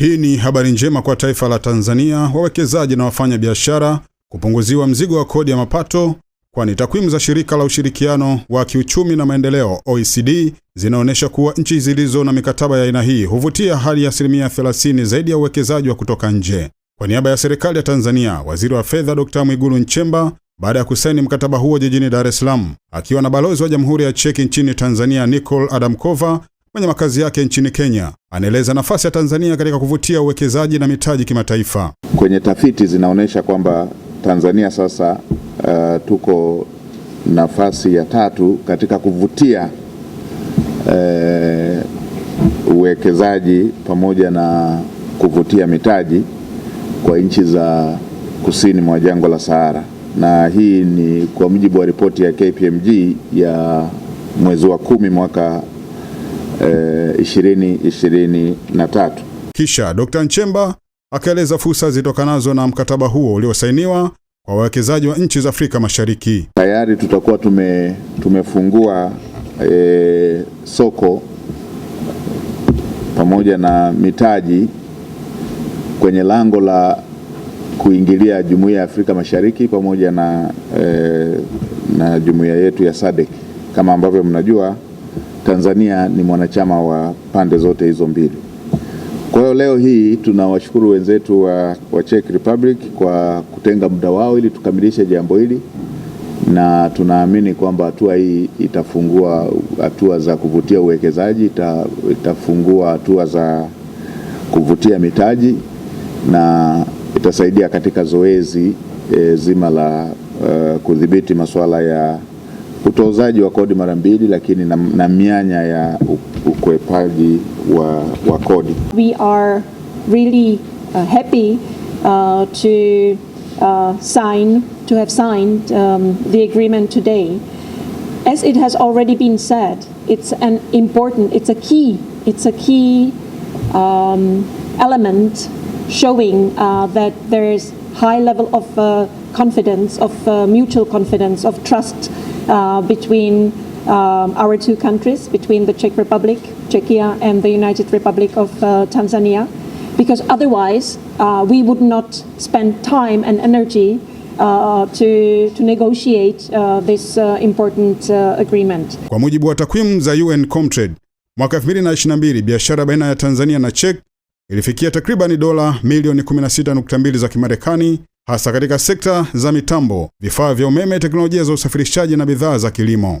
Hii ni habari njema kwa taifa la Tanzania, wawekezaji na wafanya biashara kupunguziwa mzigo wa kodi ya mapato, kwani takwimu za shirika la ushirikiano wa kiuchumi na maendeleo OECD zinaonyesha kuwa nchi zilizo na mikataba ya aina hii huvutia hadi asilimia 30 zaidi ya uwekezaji wa kutoka nje. Kwa niaba ya serikali ya Tanzania, waziri wa fedha Dr. Mwigulu Nchemba baada ya kusaini mkataba huo jijini Dar es Salaam akiwa na balozi wa Jamhuri ya Cheki nchini Tanzania Nicole Adamkova mwenye makazi yake nchini Kenya, anaeleza nafasi ya Tanzania katika kuvutia uwekezaji na mitaji kimataifa. Kwenye tafiti zinaonyesha kwamba Tanzania sasa uh, tuko nafasi ya tatu katika kuvutia uh, uwekezaji pamoja na kuvutia mitaji kwa nchi za kusini mwa jangwa la Sahara, na hii ni kwa mujibu wa ripoti ya KPMG ya mwezi wa kumi mwaka 2023. Eh, Kisha Dr. Nchemba akaeleza fursa zitokanazo na mkataba huo uliosainiwa kwa wawekezaji wa nchi za Afrika Mashariki. Tayari tutakuwa tume, tumefungua e, soko pamoja na mitaji kwenye lango la kuingilia Jumuiya ya Afrika Mashariki pamoja na, e, na jumuiya yetu ya SADC kama ambavyo mnajua Tanzania ni mwanachama wa pande zote hizo mbili. Kwa hiyo leo hii tunawashukuru wenzetu wa, wa Czech Republic kwa kutenga muda wao ili tukamilishe jambo hili, na tunaamini kwamba hatua hii itafungua hatua za kuvutia uwekezaji, ita, itafungua hatua za kuvutia mitaji na itasaidia katika zoezi e, zima la uh, kudhibiti masuala ya utozaji wa kodi mara mbili, lakini na, na mianya ya ukwepaji wa, wa kodi. We are really uh, happy uh, to uh, sign to have signed um, the agreement today. As it has already been said, it's an important, it's a key, it's a key um, element showing uh, that there is high level of uh, confidence, of uh, mutual confidence, of trust Uh, between um, our two countries, between the Czech Republic, Czechia, and the United Republic of uh, Tanzania, because otherwise we would not spend time and energy Uh, to, to negotiate, uh, this, uh, important, uh, agreement. Kwa mujibu wa takwimu za UN Comtrade, mwaka 2022 biashara baina ya Tanzania na Czech ilifikia takribani dola milioni 16.2 za Kimarekani hasa katika sekta za mitambo, vifaa vya umeme, teknolojia za usafirishaji na bidhaa za kilimo.